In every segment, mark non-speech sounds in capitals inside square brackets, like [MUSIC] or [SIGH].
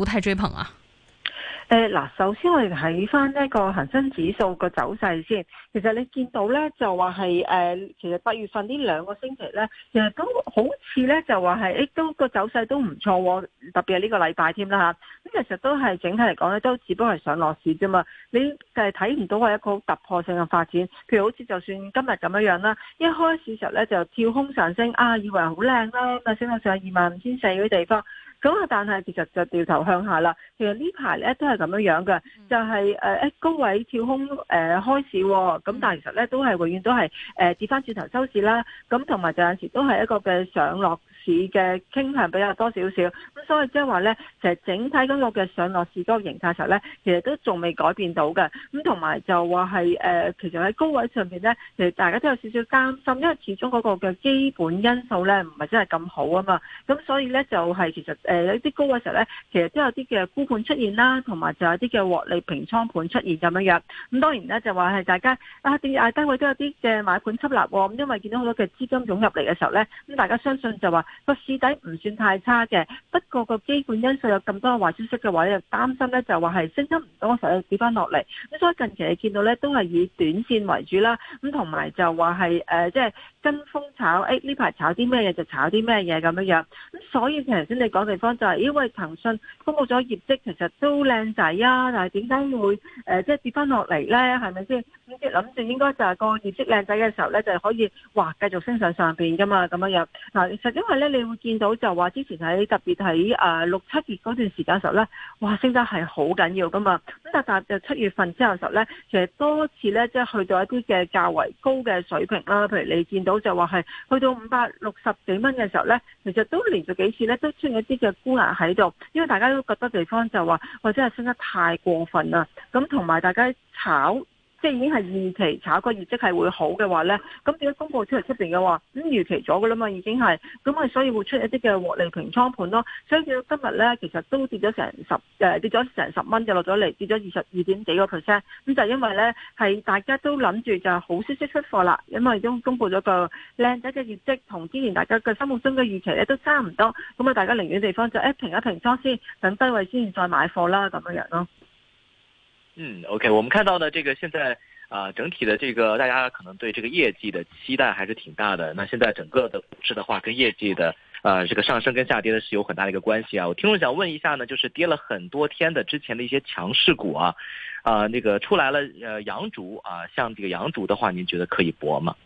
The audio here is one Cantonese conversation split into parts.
不太追捧啊？誒，嗱，首先我哋睇翻呢個恒生指數個走勢先。其實你見到咧，就話係誒，其實八月份呢兩個星期咧，其實都好似咧，就話係亦都個走勢都唔錯，特別係呢個禮拜添啦吓。咁、啊、其實都係整體嚟講咧，都只不過係上落市啫嘛。你係睇唔到係一個好突破性嘅發展。譬如好似就算今日咁樣樣啦，一開市時候咧就跳空上升，啊，以為好靚啦，咁、啊、升到上二萬五千四嗰啲地方。咁啊！但係其實就掉頭向下啦。其實呢排咧都係咁樣樣嘅，就係誒誒高位跳空誒、呃、開市、哦，咁但係其實咧都係永遠都係誒、呃、跌翻轉頭收市啦。咁同埋有陣時都係一個嘅上落。嘅傾向比較多少少咁，所以即係話咧，其實整體嗰個嘅上落市嗰個形態嘅時候咧，其實都仲未改變到嘅。咁同埋就話係誒，其實喺高位上邊咧，其實大家都有少少擔心，因為始終嗰個嘅基本因素咧，唔係真係咁好啊嘛。咁所以咧就係其實誒有啲高嘅時候咧，其實都有啲嘅沽盤出現啦，同埋就有啲嘅獲利平倉盤出現咁樣樣。咁當然咧就話係大家啊跌啊低位都有啲嘅買盤吸納喎，咁因為見到好多嘅資金湧入嚟嘅時候咧，咁大家相信就話。個市底唔算太差嘅，不過個基本因素有咁多嘅壞消息嘅話，就擔心咧就話係升得唔多，實又跌翻落嚟。咁所以近期你見到咧都係以短線為主啦，咁同埋就話係誒即係跟風炒，誒呢排炒啲咩嘢就炒啲咩嘢咁樣樣。咁所以頭先你講地方就係，因為騰訊公佈咗業績其實都靚仔啊，但係點解會誒即係跌翻落嚟咧？係咪先？諗住應該就係個業績靚仔嘅時候咧，就係可以哇繼續升上上面噶嘛咁樣樣嗱。其實因為咧，你會見到就話之前喺特別喺誒六七月嗰段時間嘅時候咧，哇升得係好緊要噶嘛。咁但但就七月份之後嘅時候咧，其實多次咧即係去到一啲嘅較為高嘅水平啦。譬如你見到就話係去到五百六十幾蚊嘅時候咧，其實都連續幾次咧都出現一啲嘅沽壓喺度，因為大家都覺得地方就話我真係升得太過分啦。咁同埋大家炒。即係已經係預期炒個業績係會好嘅話呢，咁點解公佈出嚟出邊嘅話，咁預期咗嘅啦嘛，已經係，咁啊所以會出一啲嘅獲利平倉盤咯。所以見到今日呢，其實都跌咗成十，跌咗成十蚊就落咗嚟，跌咗二十二點幾個 percent。咁、嗯、就係、因為呢，係大家都諗住就好消息出貨啦，因為已經公佈咗個靚仔嘅業績，同之前大家嘅心目中嘅預期呢都差唔多。咁、嗯、啊大家寧願地方就誒、欸、平一平倉先，等低位先再買貨啦，咁樣樣、啊、咯。嗯，OK，我們看到呢，這個現在，啊、呃，整體的這個大家可能對這個業績的期待還是挺大的。那現在整個的股市的話，跟業績的，呃，這個上升跟下跌的是有很大的一個關係啊。我聽眾想問一下呢，就是跌了很多天的之前的一些強勢股啊，啊、呃，那個出來了，呃，陽燭啊、呃，像這個陽燭的話，您覺得可以搏嗎？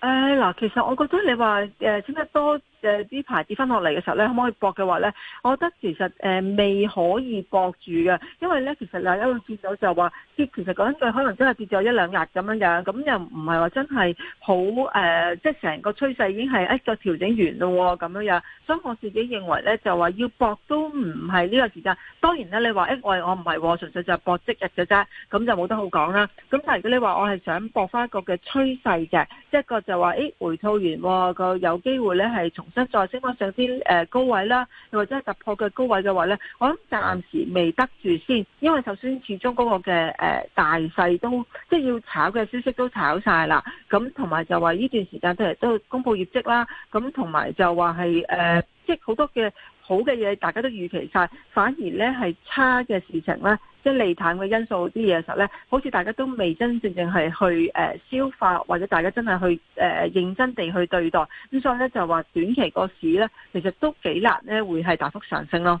誒、哎，那其實我覺得你話，呃，現在都。誒啲牌子返落嚟嘅時候咧，可唔可以搏嘅話咧？我覺得其實誒、呃、未可以搏住嘅，因為咧其實又一路見到就話跌，其實講句可能真係跌咗一兩日咁樣樣，咁又唔係話真係好誒，即係成個趨勢已經係一、哎、個調整完咯咁樣樣。所以我自己認為咧，就話要搏都唔係呢個時間。當然咧，你話誒、哎、我我唔係，純粹就係搏即日嘅啫，咁就冇得好講啦。咁但係如果你話我係想搏翻一個嘅趨勢嘅，一個就話誒、哎、回吐完個、哦、有機會咧係從。即係再升高上啲誒高位啦，又或者係突破嘅高位嘅話咧，我諗暫時未得住先，因為首先始終嗰個嘅誒大勢都即係要炒嘅消息都炒晒啦，咁同埋就話呢段時間都係都公佈業績啦，咁同埋就話係誒即係好多嘅好嘅嘢大家都預期晒，反而咧係差嘅事情咧。即係利淡嘅因素啲嘢嘅時候咧，好似大家都未真正正係去誒消化，或者大家真係去誒認真地去對待，咁所以咧就話短期個市咧，其實都幾難咧會係大幅上升咯。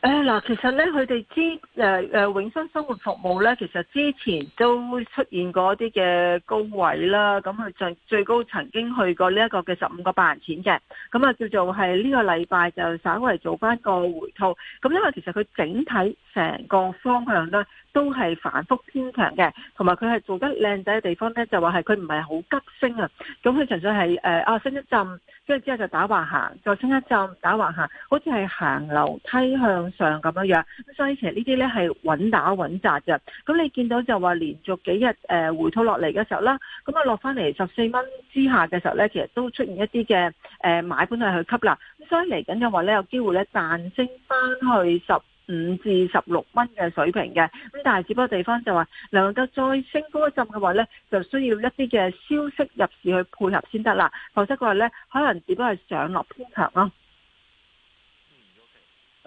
誒嗱、哎，其實咧佢哋之誒誒永升生活服務咧，其實之前都出現過一啲嘅高位啦，咁佢最最高曾經去過呢一個嘅十五個八蚊錢嘅，咁、嗯、啊、嗯嗯、叫做係呢個禮拜就稍微做翻個回吐，咁、嗯、因為其實佢整體成個方向咧都係反覆偏強嘅，同埋佢係做得靚仔嘅地方咧就話係佢唔係好急升啊，咁佢純粹係誒啊升一浸，跟住之後就打橫行，再升一浸打橫行，好似係行樓梯向。上咁樣樣，咁所以其實呢啲咧係穩打穩紮嘅。咁你見到就話連續幾日誒、呃、回吐落嚟嘅時候啦，咁啊落翻嚟十四蚊之下嘅時候咧，其實都出現一啲嘅誒買盤係去吸納。咁所以嚟緊嘅話咧，有機會咧彈升翻去十五至十六蚊嘅水平嘅。咁但係只不過地方就話能夠再升高一浸嘅話咧，就需要一啲嘅消息入市去配合先得啦。否則嘅話咧，可能只不過係上落偏強咯。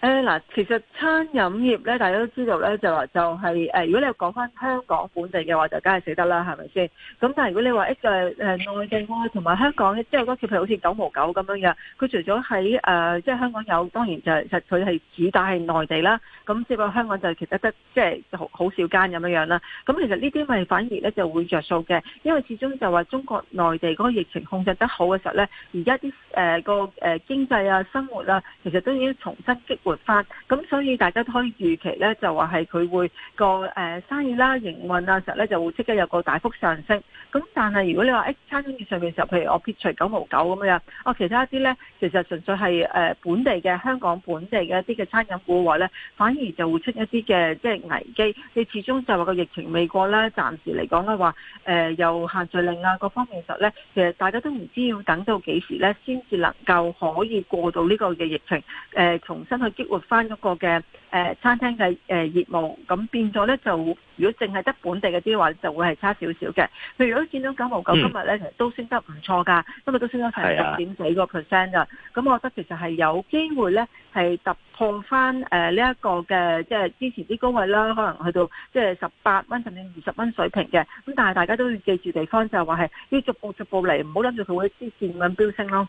誒嗱、嗯，其實餐飲業咧，大家都知道咧，就話、是、就係、是、誒、呃，如果你講翻香港本地嘅話，就梗係死得啦，係咪先？咁但係如果你話誒誒內地啊，同埋香港咧，即係好多譬如好似九毛九咁樣樣，佢除咗喺誒即係香港有，當然就係其實佢係主打係內地啦。咁接落香港就其、就是、其實得即係好好少間咁樣樣啦。咁其實呢啲咪反而咧就會着數嘅，因為始終就話中國內地嗰個疫情控制得好嘅時候咧，而家啲誒個誒經濟啊、生活啊，其實都已經重新激活返，咁、嗯、所以大家都可以預期咧，就話係佢會個誒、呃、生意啦、營運啊時候咧，就會即刻有個大幅上升。咁但係如果你話誒餐飲業上面時候，譬如我撇除九毛九咁樣，我、啊、其他一啲咧，其實純粹係誒本地嘅香港本地嘅一啲嘅餐飲股嘅話咧，反而就會出一啲嘅即係危機。你始終就話個疫情未過啦，暫時嚟講嘅話，誒、呃、有限聚令啊各方面實咧，其實大家都唔知要等到幾時咧，先至能夠可以過到呢個嘅疫情誒、呃、重新去。激活翻嗰個嘅誒、呃、餐廳嘅誒業務，咁變咗咧就，如果淨係得本地嗰啲話，就會係差少少嘅。譬如我都見到九毛九今日咧，其實都升得唔錯噶，今日都升咗成六點幾個 percent 㗎。咁、啊、我覺得其實係有機會咧，係突破翻誒呢一個嘅即係之前啲高位啦，可能去到即係十八蚊甚至二十蚊水平嘅。咁但係大家都要記住地方，就係話係要逐步逐步嚟，唔好諗住佢會之前咁飆升咯。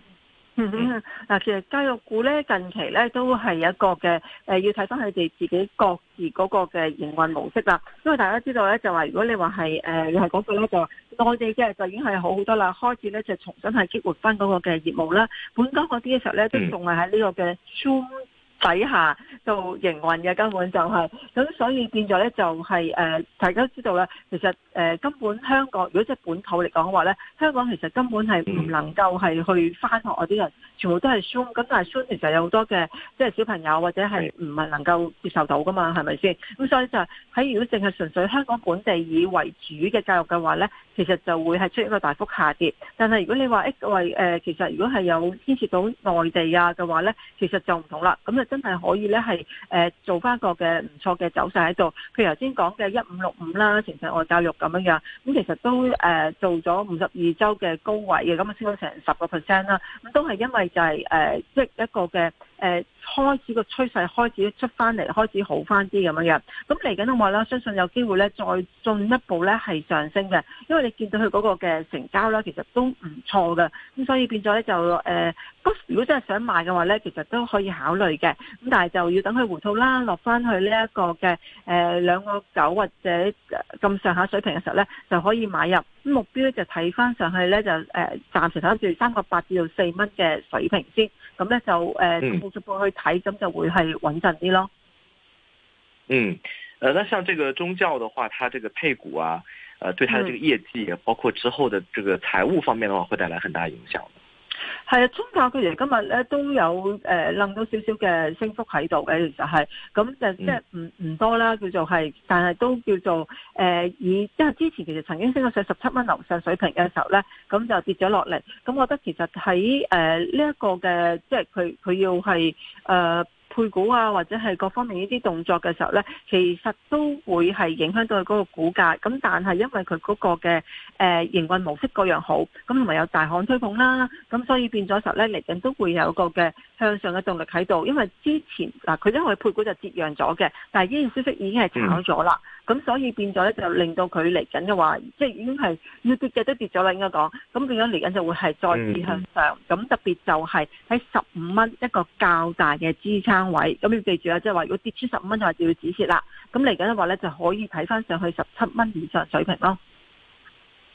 嗱、嗯，其實教育股咧近期咧都係一個嘅，誒、呃、要睇翻佢哋自己各自嗰個嘅營運模式啦。因為大家知道咧，就話如果你話係誒，又係嗰句咧，就內地嘅就已經係好好多啦，開始咧就重新係激活翻嗰個嘅業務啦。本港嗰啲嘅時候咧，都仲係喺呢個嘅底下做營運嘅根本就係、是、咁，所以變咗咧就係、是、誒、呃，大家都知道咧，其實誒、呃、根本香港，如果即係本土嚟講嘅話咧，香港其實根本係唔能夠係去返學啊！啲人全部都係 s h u n 咁，但係 s h u n 其實有好多嘅，即、就、係、是、小朋友或者係唔係能夠接受到㗎嘛？係咪先？咁所以就喺、是、如果淨係純粹香港本地以為主嘅教育嘅話咧，其實就會係出一個大幅下跌。但係如果你話誒喂，誒，其實如果係有牽涉到內地啊嘅話咧，其實就唔同啦。咁啊～真係可以咧，係誒、呃、做翻個嘅唔錯嘅走勢喺度。譬如頭先講嘅一五六五啦，城市外教育咁樣樣，咁其實都誒、呃、做咗五十二周嘅高位嘅，咁啊升咗成十個 percent 啦。咁都係因為就係、是、誒，即、呃、係一個嘅。誒、呃、開始個趨勢開始出翻嚟，開始好翻啲咁樣樣，咁嚟緊嘅話啦，相信有機會咧再進一步咧係上升嘅，因為你見到佢嗰個嘅成交啦，其實都唔錯嘅，咁所以變咗咧就誒、呃，如果真係想買嘅話咧，其實都可以考慮嘅，咁但係就要等佢回吐啦，落翻去呢一個嘅誒、呃、兩個九或者咁上下水平嘅時候咧就可以買入。目標就睇翻上去咧就誒、呃、暫時睇住三個八至到四蚊嘅水平先，咁咧就誒逐步逐步去睇，咁就會係穩陣啲咯。嗯，誒、嗯，那、呃、像這個宗教的話，它這個配股啊，誒、呃、對它的這個業績，啊，包括之後的這個財務方面的話，會帶來很大影響。係啊，中教佢哋今日咧都有誒掟、呃、到少少嘅升幅喺度嘅，就係、是、咁就即係唔唔多啦，叫做係，但係都叫做誒、呃、以，即、就、為、是、之前其實曾經升到上十七蚊樓上水平嘅時候咧，咁就跌咗落嚟。咁我覺得其實喺誒呢一個嘅，即係佢佢要係誒。呃配股啊，或者係各方面呢啲動作嘅時候呢，其實都會係影響到佢嗰個股價。咁但係因為佢嗰個嘅誒、呃、營運模式各樣好，咁同埋有大行推捧啦，咁所以變咗時候呢，嚟緊都會有個嘅。向上嘅動力喺度，因為之前嗱佢因為配股就折讓咗嘅，但係呢件消息已經係炒咗啦，咁所以變咗咧就令到佢嚟緊嘅話，即係已經係要跌嘅都跌咗啦。應該講咁變咗嚟緊就會係再次向上，咁、嗯、特別就係喺十五蚊一個較大嘅支撐位，咁要記住啊，即係話如果跌出十五蚊就話就要止蝕啦。咁嚟緊嘅話咧就可以睇翻上去十七蚊以上水平咯。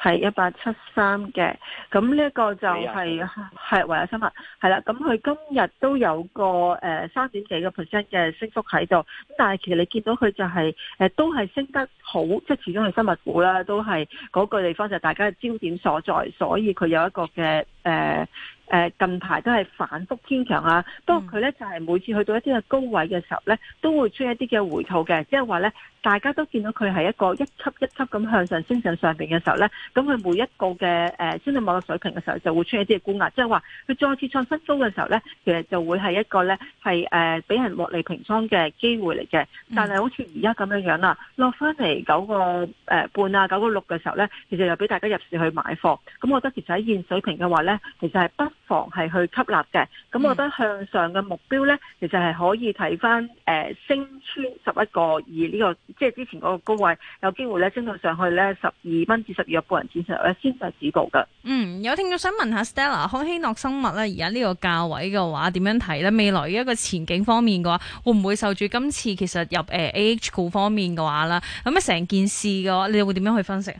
係一八七三嘅，咁呢一個就係係維亞生物，係啦，咁佢今日都有個誒三點幾個 percent 嘅升幅喺度，咁但係其實你見到佢就係、是、誒、呃、都係升得好，即係始終係生物股啦，都係嗰、那個地方就係大家嘅焦點所在，所以佢有一個嘅。誒誒、呃、近排都係反覆堅強啊！不過佢咧就係、是、每次去到一啲嘅高位嘅時候咧，都會出一啲嘅回吐嘅，即係話咧大家都見到佢係一個一級一級咁向上升上上邊嘅時候咧，咁佢每一個嘅誒升上某個水平嘅時候就會出一啲嘅沽壓，即係話佢再次創新高嘅時候咧，其實就會係一個咧係誒俾人獲利平倉嘅機會嚟嘅。但係好似而家咁樣樣啦，落翻嚟九個誒半啊九個六嘅時候咧，其實又俾大家入市去買貨。咁我覺得其實喺現水平嘅話咧。其實係不妨係去吸納嘅，咁我覺得向上嘅目標咧，其實係可以睇翻誒升穿十一個二呢個，即係之前嗰個高位，有機會咧升到上去咧十二蚊至十二入半銀之上咧先係止步噶。嗯，有聽眾想問下 Stella 康希諾生物咧，而家呢個價位嘅話點樣睇咧？未來一個前景方面嘅話，會唔會受住今次其實入誒、呃、A H 股方面嘅話啦？咁咧成件事嘅話，你會點樣去分析？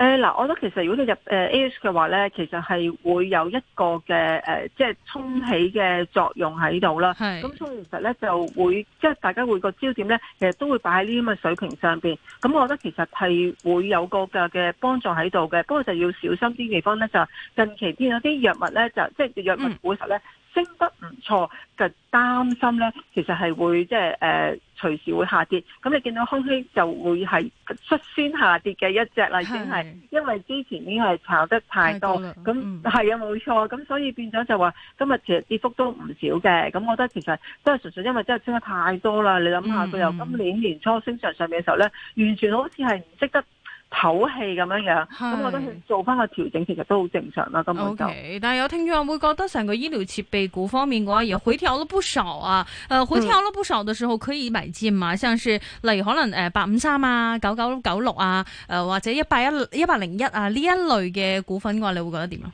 誒嗱、呃，我覺得其實如果你入誒 AS 嘅話咧，其實係會有一個嘅誒、呃，即係沖起嘅作用喺度啦。咁是所以其實咧就會即係大家會個焦點咧，其實都會擺喺呢啲咁嘅水平上邊。咁我覺得其實係會有個嘅嘅幫助喺度嘅，不過就要小心啲地方咧，就近期啲有啲藥物咧就即係藥物股實咧。嗯升得唔錯嘅擔心咧，其實係會即係誒隨時會下跌。咁你見到康希就會係率先下跌嘅一隻啦，已經係因為之前已經係炒得太多。咁係啊，冇錯那。咁、嗯、所以變咗就話今日其實跌幅都唔少嘅。咁我覺得其實都係純粹因為真係升得太多啦。你諗下，佢、嗯、由今年年初升上上面嘅時候咧，完全好似係唔識得。唞氣咁樣樣，咁是我覺得做翻個調整其實都好正常啦。咁 OK，就但係有聽眾會覺得成個醫療設備股方面嘅話，亦回調都不少啊。誒、嗯呃，回調都不少嘅時候，可以埋尖嘛？像是例如可能誒，八五三啊，九九九六啊，誒、呃，或者一百一一百零一啊呢一類嘅股份嘅話，你會覺得點啊？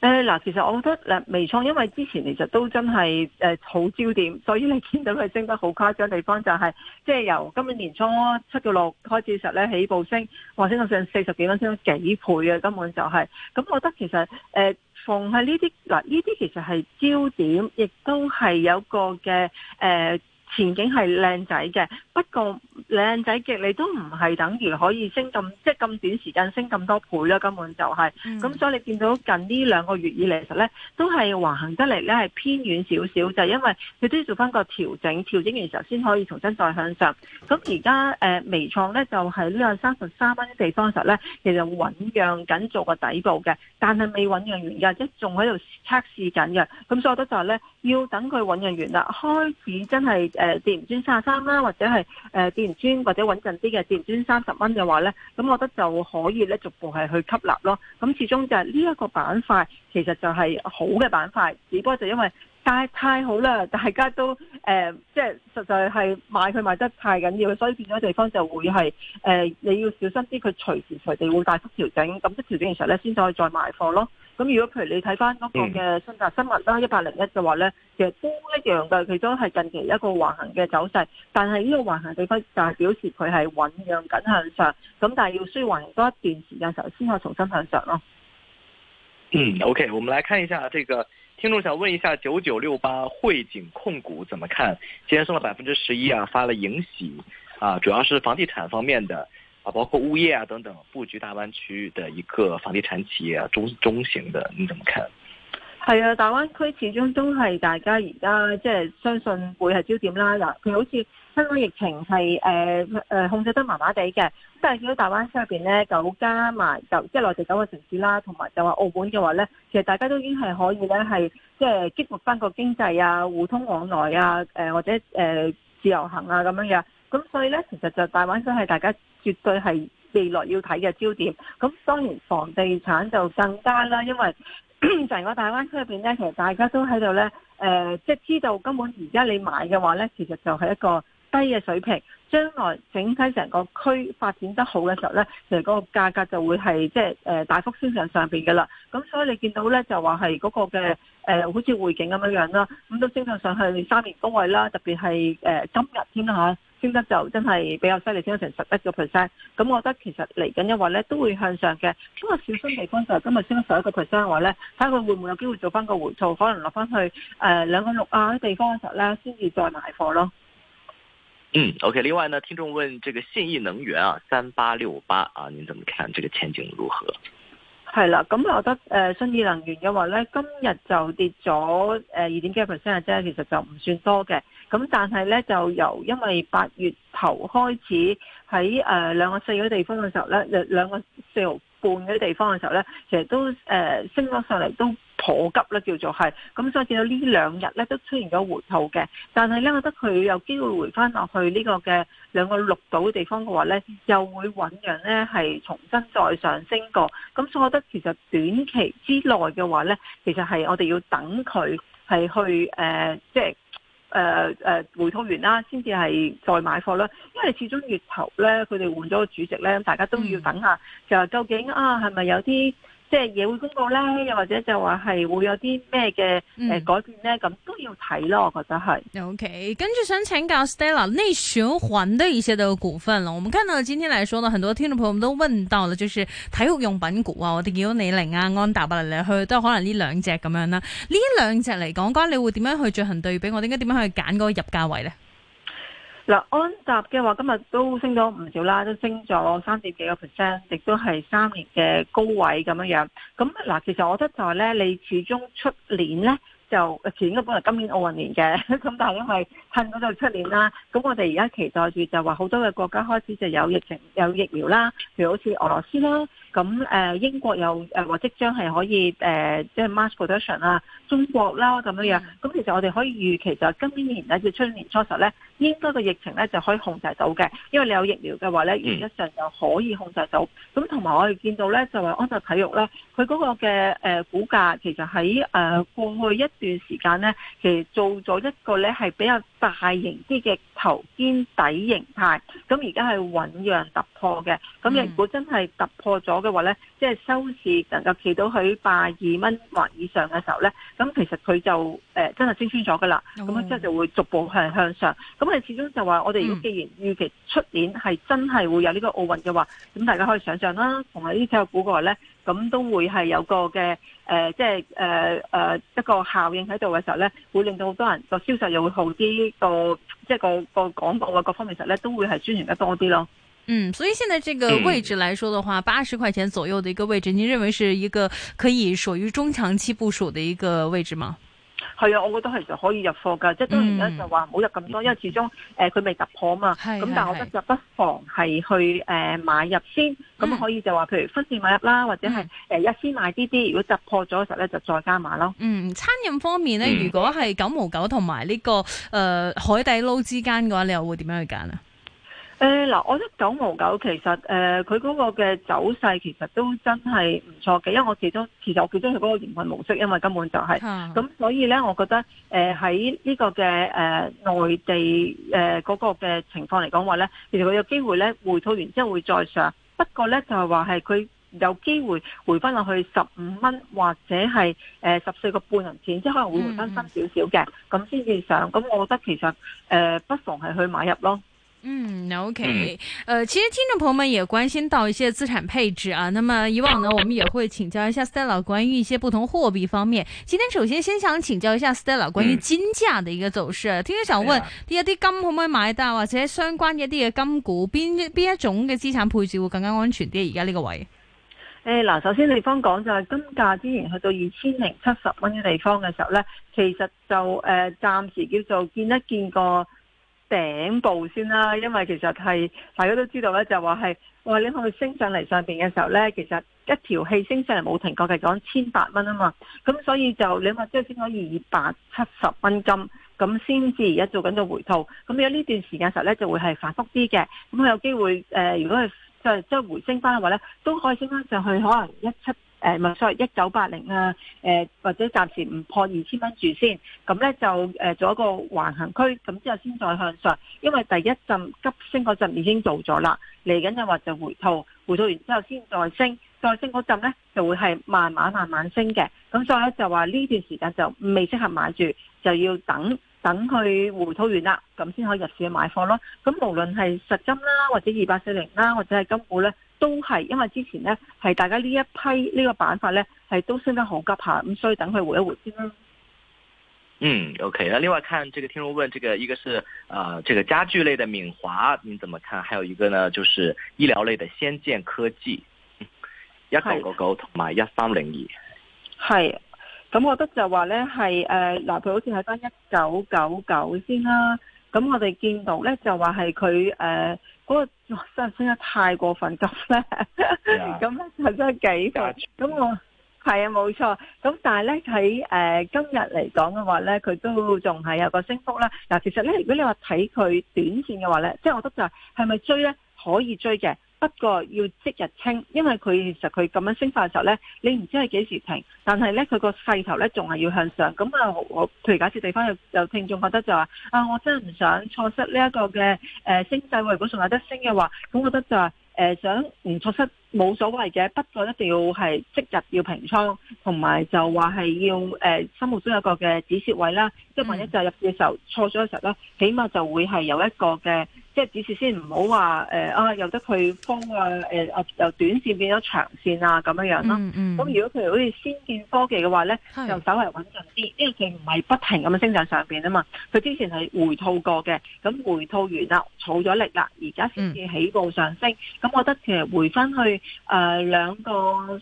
誒，嗱、呃，其實我覺得嗱，微、呃、創，因為之前其實都真係誒好焦點，所以你見到佢升得好誇張，地方就係即係由今年年初七月六開始嘅時候咧，起步升，或升到上四十幾蚊，升咗幾倍嘅、啊，根本就係、是。咁、嗯、我覺得其實誒，逢係呢啲嗱，呢啲、呃、其實係焦點，亦都係有個嘅誒、呃、前景係靚仔嘅，不過。靚仔極力，你都唔係等於可以升咁，即係咁短時間升咁多倍啦。根本就係、是，咁、嗯、所以你見到近呢兩個月以嚟，其實咧都係橫行得嚟咧，係偏遠少少，就係、是、因為佢都要做翻個調整，調整完時候先可以重新再向上。咁而家誒微創咧就係、是、呢個三十三蚊嘅地方時候咧，其實醞釀緊做個底部嘅，但係未醞釀完㗎，即仲喺度測試緊嘅。咁所以我都就係咧，要等佢醞釀完啦，開始真係誒、呃、跌唔穿三十三啦，或者係誒、呃、跌唔。尊或者穩陣啲嘅，電尊三十蚊嘅話呢，咁我覺得就可以呢逐步係去吸納咯。咁始終就係呢一個板塊，其實就係好嘅板塊，只不過就因為但係太好啦，大家都誒、呃、即係實在係買佢買得太緊要，所以變咗地方就會係誒、呃、你要小心啲，佢隨時隨地會大幅調整。咁一調整完時候呢，先再再賣貨咯。咁、嗯嗯、如果譬如你睇翻嗰個嘅新達新聞啦，一百零一嘅話咧，其實都一樣嘅，佢都係近期一個橫行嘅走勢，但係呢個橫行地方就係表示佢係醞釀緊向上，咁但係要需要橫行多一段時間嘅時候，先可重新向上咯。嗯，OK，我們來看一下，這個聽眾想問一下九九六八匯景控股怎麼看？今天升了百分之十一啊，發了盈喜啊，主要是房地產方面的。包括物業啊，等等布局大灣區嘅一個房地產企業啊，中中型嘅。你怎麼看？係啊，大灣區始終都係大家而家即係相信會係焦點啦。又佢好似香港疫情係誒誒控制得麻麻地嘅，但係見到大灣區入邊咧，九加埋就即係內地九個城市啦，同埋就話澳門嘅話咧，其實大家都已經係可以咧係即係激活翻個經濟啊，互通往來啊，誒、呃、或者誒、呃、自由行啊咁樣樣。咁所以咧，其實就大灣區係大家。絕對係未來要睇嘅焦點。咁當然房地產就更加啦，因為成個大灣區入邊咧，其實大家都喺度咧，誒、呃，即係知道根本而家你買嘅話咧，其實就係一個低嘅水平。將來整體成個區發展得好嘅時候咧，其實嗰個價格就會係即係誒大幅升上上邊噶啦。咁所以你見到咧就話係嗰個嘅誒、呃，好似匯景咁樣樣啦，咁都升到上去三年高位啦。特別係誒今日添吓。升得就真係比較犀利，升咗成十一個 percent。咁我覺得其實嚟緊嘅話咧都會向上嘅。今日小心地方就係今日升咗十一個 percent 嘅話咧，睇佢會唔會有機會做翻個回吐，可能落翻去誒兩個六啊啲地方嘅時候咧，先至再買貨咯。嗯，OK。另外呢，聽眾問這個信義能源啊，三八六八啊，您怎麼看這個前景如何？係啦，咁我覺得誒，信、呃、義能源嘅話咧，今日就跌咗誒二點幾 percent 啫、啊，其實就唔算多嘅。咁但係咧，就由因為八月頭開始喺誒兩個四個地方嘅時候咧，兩、呃、兩個四毫。半嗰啲地方嘅時候呢，其實都誒、呃、升咗上嚟都頗急啦。叫做係。咁、嗯、所以見到兩呢兩日呢都出現咗回吐嘅，但係呢，我覺得佢有機會回翻落去呢個嘅兩個六度嘅地方嘅話呢，又會醞釀呢係重新再上升過。咁、嗯、所以我覺得其實短期之內嘅話呢，其實係我哋要等佢係去誒、呃，即係。誒誒、呃呃、回吐完啦，先至係再買貨啦，因為始終月頭咧，佢哋換咗個主席咧，大家都要等下，就究竟啊係咪有啲？即係嘢會公告啦，又或者就話係會有啲咩嘅誒改變咧，咁、嗯、都要睇咯。我覺得係。OK，跟住想請教 Stella 內循環的一些嘅股份啦。我們看到今天來說呢，很多聽眾朋友都問到了，就是體育用品股啊，我哋見到李寧啊，安踏嚟嚟去去都可能呢兩隻咁樣啦。呢兩隻嚟講，噉你會點樣去進行對比？我點解點樣去揀嗰個入價位咧？嗱，安踏嘅話今日都升咗唔少啦，都升咗三點幾個 percent，亦都係三年嘅高位咁樣樣。咁嗱，其實我覺得就係咧，你始終出年咧就始終都本嚟今年奧運年嘅，咁 [LAUGHS] 但係因為趁到就出年啦。咁我哋而家期待住就話好多嘅國家開始就有疫情有疫苗啦，譬如好似俄羅斯啦。咁誒英國又誒或即將係可以誒，即、呃、係、就是、mask production 啦，中國啦咁樣樣。咁其實我哋可以預期就今年咧至春年初十咧，應該個疫情咧就可以控制到嘅，因為你有疫苗嘅話咧，原則上就可以控制到。咁同埋我哋見到咧，就係安踏體育咧，佢嗰個嘅誒、呃、股價其實喺誒、呃、過去一段時間咧，其實做咗一個咧係比較。大型啲嘅頭肩底形態，咁而家係醞釀突破嘅，咁如果真係突破咗嘅話呢。即係收市能夠企到佢百二蚊或以上嘅時候咧，咁其實佢就誒、呃、真係升穿咗噶啦，咁啊、mm. 之後就會逐步向向上。咁啊始終就話我哋如果既然預期出年係真係會有呢個奧運嘅話，咁、mm. 大家可以想像啦，同埋呢啲體育股嘅話咧，咁都會係有個嘅誒、呃，即係誒誒一個效應喺度嘅時候咧，會令到好多人個銷售又會好啲，個即係個個廣告啊各方面實咧都會係宣傳得多啲咯。嗯，所以現在這個位置來說的話，八十、嗯、塊錢左右的一個位置，你認為是一個可以屬於中長期部署的一個位置嗎？係啊，我覺得係就可以入貨噶，即係當然啦，就話唔好入咁多，因為始終誒佢未突破啊嘛。咁是，但係我覺得就不妨係去誒、呃、買入先，咁、嗯、可以就話，譬如分次買入啦，或者係誒一先買啲啲，如果突破咗嘅時候咧，就再加碼咯。嗯，餐飲方面咧，如果係九毛九同埋呢個誒、呃呃、海底撈之間嘅話，你又會點樣去揀啊？誒，嗱、呃，我覺得九毛九，其實誒，佢嗰個嘅走勢其實都真係唔錯嘅，因為我幾中，其實我幾中佢嗰個營運模式，因為根本就係、是，咁、嗯、所以咧，我覺得誒喺呢個嘅誒、呃、內地誒嗰、呃那個嘅情況嚟講話咧，其實佢有機會咧回吐完之後會再上，不過咧就係話係佢有機會回翻落去十五蚊或者係誒十四個半銀錢，即係可能會回翻翻少少嘅，咁先至上，咁我覺得其實誒、呃、不妨係去買入咯。嗯，OK，誒、嗯呃，其實聽眾朋友們也關心到一些資產配置啊。那麼以往呢，我們也會請教一下 Stella 關於一些不同貨幣方面。今天首先先想請教一下 Stella 關於金價的一個走勢，啊。嗯、聽日想問，呢一啲金可唔可以買到，或者相關嘅一啲嘅金股，邊一邊一種嘅資產配置會更加安全啲？而家呢個位誒，嗱、呃，首先地方講就係、是、金價之前去到二千零七十蚊嘅地方嘅時候咧，其實就誒、呃、暫時叫做見一見過。頂部先啦，因為其實係大家都知道咧，就話係你去升上嚟上邊嘅時候咧，其實一條氣升上嚟冇停過嘅，講千八蚊啊嘛，咁所以就你話即係先可以二百七十蚊金，咁先至而家做緊個回吐，咁有呢段時間時候咧就會係反覆啲嘅，咁有機會誒、呃，如果係即係即係回升翻嘅話咧，都可以升翻上去可能一七。誒，唔係所謂一九八零啊，誒或者暫時唔破二千蚊住先，咁咧就誒做一個橫行區，咁之後先再向上，因為第一陣急升嗰陣已經做咗啦，嚟緊嘅話就回吐，回吐完之後先再，再升，再升嗰陣咧就會係慢慢慢慢升嘅，咁所以咧就話呢段時間就未適合買住，就要等。等佢回吐完啦，咁先可以入市去買貨咯。咁無論係實金啦，或者二八四零啦，或者係金股咧，都係因為之前咧係大家呢一批個呢個板塊咧係都升得好急下，咁所以等佢回一回先。啦、嗯。嗯，OK。那另外看這個聽眾問，這個一個是啊、呃，這個家具類的敏華，你怎麼看？還有一個呢，就是醫療類的先健科技，一九九九同埋一三零二，係。咁我覺得就話咧係誒，嗱，佢、呃、好似喺翻一九九九先啦。咁我哋見到咧就話係佢誒嗰個，真係真係太過分急咧。咁 [LAUGHS] 咧 Yeah. [LAUGHS] 就真係幾過。咁 Yeah. 我係啊，冇錯。咁但係咧喺誒今日嚟講嘅話咧，佢都仲係有個升幅啦。嗱、呃，其實咧，如果你話睇佢短線嘅話咧，即、就、係、是、我覺得就係係咪追咧可以追嘅。不過要即日清，因為佢其實佢咁樣升法嘅時候呢，你唔知係幾時停，但係呢，佢個勢頭呢仲係要向上。咁啊，我譬如假設地方有有聽眾覺得就話啊，我真係唔想錯失呢一個嘅誒升勢位，如果仲有得升嘅話，咁我覺得就話誒、呃、想唔錯失冇所謂嘅，不過一定要係即日要平倉，同埋就話係要誒、呃、心目中有一個嘅止蝕位啦，即係萬一就入嘅時候錯咗嘅時候呢，起碼就會係有一個嘅。即係指示先，唔好話誒啊，由得佢封啊，誒、呃、由短線變咗長線啊，咁樣樣啦。咁、嗯嗯、如果佢好似先健科技嘅話咧，是就稍微穩陣啲，因為佢唔係不停咁樣升上上邊啊嘛。佢之前係回吐過嘅，咁回吐完啦，儲咗力啦，而家先至起步上升。咁、嗯、我覺得其實回翻去誒兩、呃、個。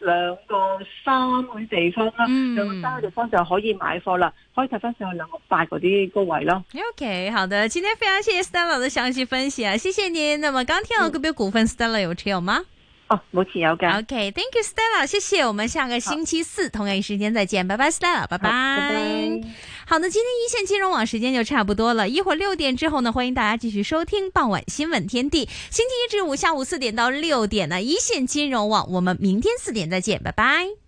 兩個三嗰地方啦，嗯、兩個三嘅地方就可以買貨啦，可以睇翻上去兩個八嗰啲高位咯。OK，好的，今日非常謝謝 Stella 嘅詳細分析啊，謝謝你。那麼剛提到個別股份，Stella、嗯、有持有嗎？哦，冇錢有噶。OK，Thank you Stella，謝謝。我們下個星期四同樣一時間再見，拜拜，Stella，拜拜。好，那今天一線金融網時間就差不多了。一會兒六點之後呢，歡迎大家繼續收聽傍晚新聞天地，星期一至五下午四點到六點呢，一線金融網，我們明天四點再見，拜拜。